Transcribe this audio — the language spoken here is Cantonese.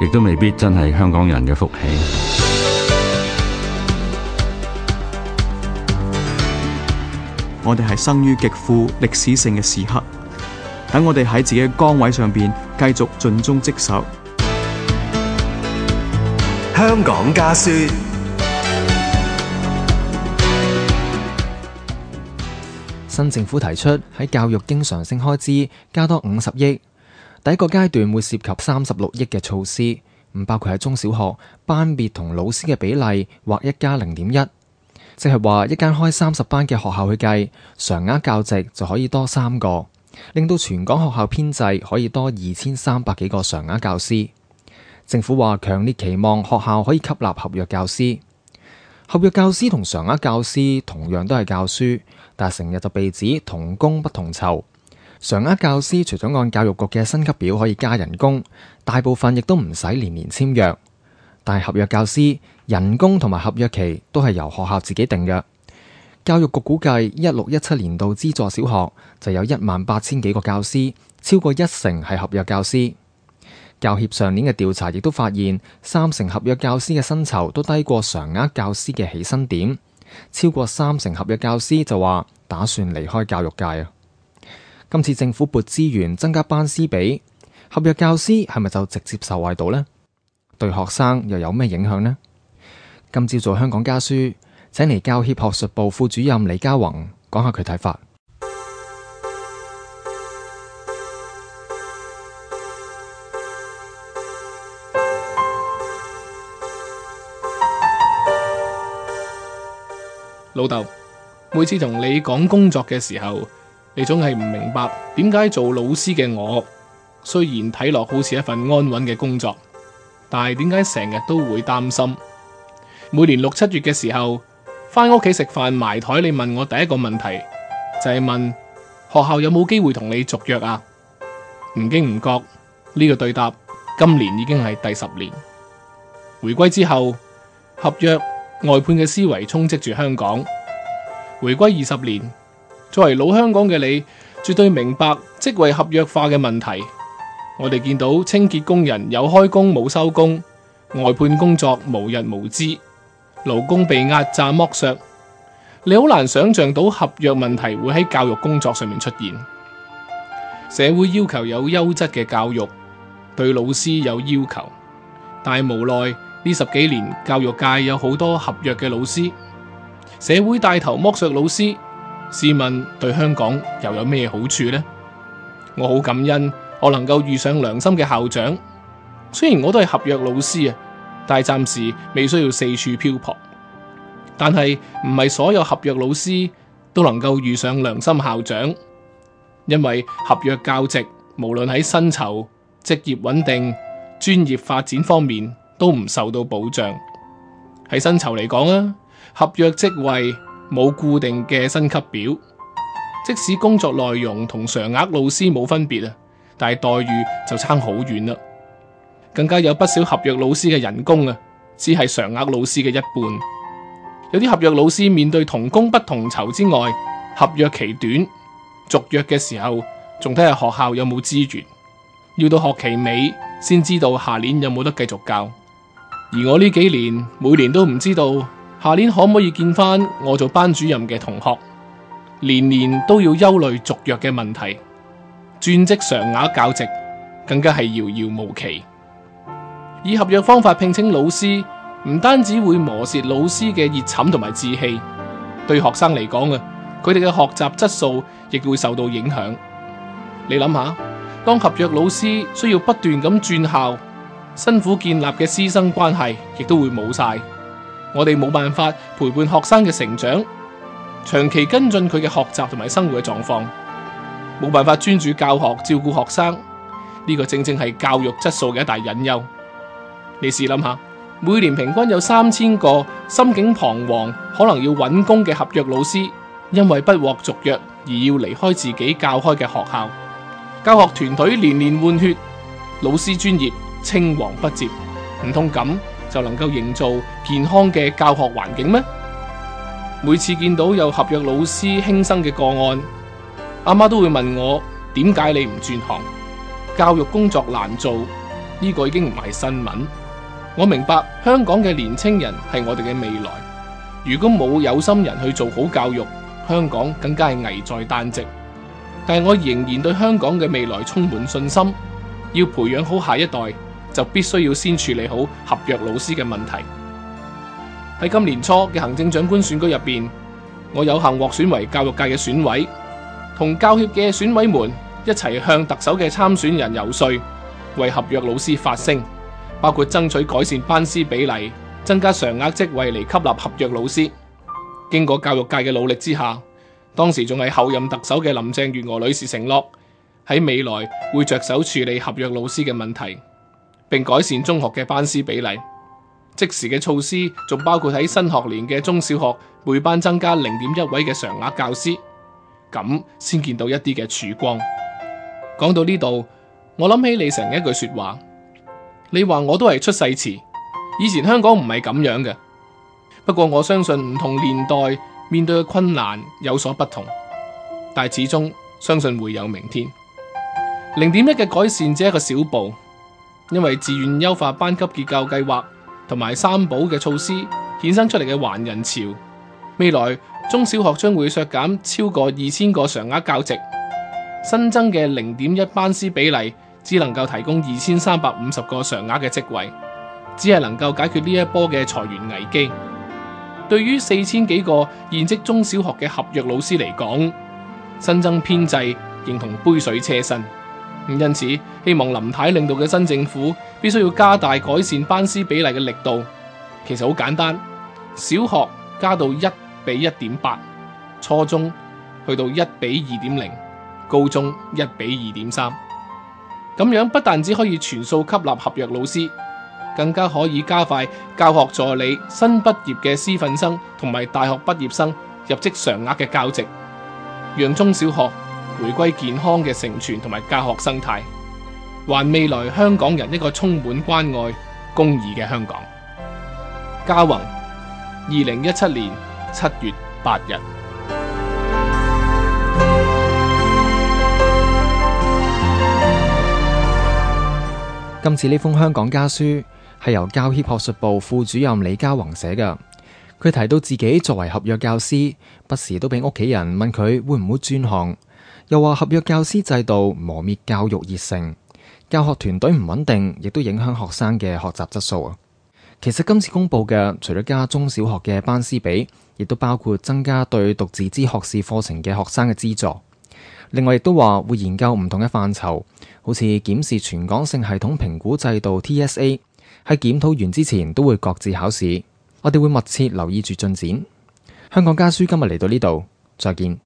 亦都未必真係香港人嘅福氣。我哋係生於極富歷史性嘅時刻，等我哋喺自己嘅崗位上邊繼續盡忠職守。香港家書，新政府提出喺教育經常性開支加多五十億。第一個階段會涉及三十六億嘅措施，唔包括喺中小學班別同老師嘅比例劃一加零點一，即係話一間開三十班嘅學校去計，常額教職就可以多三個，令到全港學校編制可以多二千三百幾個常額教師。政府話強烈期望學校可以吸納合約教師，合約教師同常額教師同樣都係教書，但成日就被指同工不同酬。常額教師除咗按教育局嘅薪級表可以加人工，大部分亦都唔使年年簽約。但係合約教師，人工同埋合約期都係由學校自己定嘅。教育局估計一六一七年度資助小學就有一萬八千幾個教師，超過一成係合約教師。教協上年嘅調查亦都發現，三成合約教師嘅薪酬都低過常額教師嘅起薪點，超過三成合約教師就話打算離開教育界啊。今次政府撥資源增加班師比，合約教師係咪就直接受惠到呢？對學生又有咩影響呢？今朝做香港家書，請嚟教協學術部副主任李家宏講下佢睇法。老豆，每次同你講工作嘅時候。你總係唔明白點解做老師嘅我，雖然睇落好似一份安穩嘅工作，但係點解成日都會擔心？每年六七月嘅時候，翻屋企食飯埋台，你問我第一個問題就係問學校有冇機會同你續約啊？唔經唔覺呢個對答，今年已經係第十年。回歸之後，合約外判嘅思維充斥住香港。回歸二十年。作為老香港嘅你，絕對明白職位合約化嘅問題。我哋見到清潔工人有開工冇收工，外判工作無日無之，勞工被壓榨剝削。你好難想象到合約問題會喺教育工作上面出現。社會要求有優質嘅教育，對老師有要求，但無奈呢十幾年教育界有好多合約嘅老師，社會帶頭剝削老師。試問對香港又有咩好處呢？我好感恩我能夠遇上良心嘅校長。雖然我都係合約老師啊，但係暫時未需要四處漂泊。但係唔係所有合約老師都能夠遇上良心校長，因為合約教職無論喺薪酬、職業穩定、專業發展方面都唔受到保障。喺薪酬嚟講啊，合約職位。冇固定嘅薪級表，即使工作內容同常額老師冇分別啊，但係待遇就差好遠啦。更加有不少合約老師嘅人工啊，只係常額老師嘅一半。有啲合約老師面對同工不同酬之外，合約期短，續約嘅時候仲睇下學校有冇資源，要到學期尾先知道下年有冇得繼續教。而我呢幾年每年都唔知道。下年可唔可以見翻我做班主任嘅同學？年年都要憂慮續約嘅問題，轉職常額教職更加係遙遙無期。以合約方法聘請老師，唔單止會磨蝕老師嘅熱忱同埋志氣，對學生嚟講啊，佢哋嘅學習質素亦會受到影響。你諗下，當合約老師需要不斷咁轉校，辛苦建立嘅師生關係亦都會冇晒。我哋冇辦法陪伴學生嘅成長，長期跟進佢嘅學習同埋生活嘅狀況，冇辦法專注教學照顧學生，呢個正正係教育質素嘅一大隱憂。你試諗下，每年平均有三千個心境彷徨、可能要揾工嘅合約老師，因為不獲續約而要離開自己教開嘅學校，教學團隊年年換血，老師專業青黃不接，唔通咁？就能夠營造健康嘅教學環境咩？每次見到有合約老師輕生嘅個案，阿媽都會問我點解你唔轉行？教育工作難做，呢個已經唔係新聞。我明白香港嘅年青人係我哋嘅未來。如果冇有心人去做好教育，香港更加係危在旦夕。但係我仍然對香港嘅未來充滿信心，要培養好下一代，就必須要先處理好合約老師嘅問題。喺今年初嘅行政長官選舉入邊，我有幸獲選為教育界嘅選委，同教協嘅選委們一齊向特首嘅參選人游說，為合約老師發聲，包括爭取改善班師比例，增加常額職位嚟吸納合約老師。經過教育界嘅努力之下，當時仲係後任特首嘅林鄭月娥女士承諾，喺未來會着手處理合約老師嘅問題。並改善中學嘅班師比例，即時嘅措施仲包括喺新學年嘅中小學每班增加零點一位嘅常額教師，咁先見到一啲嘅曙光。講到呢度，我諗起李成一句說話，你話我都係出世詞，以前香港唔係咁樣嘅。不過我相信唔同年代面對嘅困難有所不同，但始終相信會有明天。零點一嘅改善只係一個小步。因為自願優化班級結構計劃同埋三保嘅措施衍生出嚟嘅還人潮，未來中小學將會削減超過二千個常額教席，新增嘅零點一班師比例只能夠提供二千三百五十個常額嘅職位，只係能夠解決呢一波嘅裁員危機。對於四千幾個現職中小學嘅合約老師嚟講，新增編制形同杯水車薪。因此，希望林太領導嘅新政府必須要加大改善班師比例嘅力度。其實好簡單，小學加到一比一點八，初中去到一比二點零，高中一比二點三。咁樣不但只可以全數吸納合約老師，更加可以加快教學助理、新畢業嘅師範生同埋大學畢業生入職常額嘅教職，讓中小學。.回歸健康嘅成全，同埋教學生態，還未來香港人一個充滿關愛、公義嘅香港。家宏，二零一七年七月八日。今次呢封香港家書係由教協學術部副主任李家宏寫嘅。佢提到自己作為合約教師，不時都俾屋企人問佢會唔會轉行。又話合約教師制度磨滅教育熱誠，教學團隊唔穩定，亦都影響學生嘅學習質素。其實今次公布嘅，除咗加中小學嘅班師比，亦都包括增加對讀自資學士課程嘅學生嘅資助。另外亦都話會研究唔同嘅範疇，好似檢視全港性系統評估制度 TSA 喺檢討完之前都會各自考試。我哋會密切留意住進展。香港家書今日嚟到呢度，再見。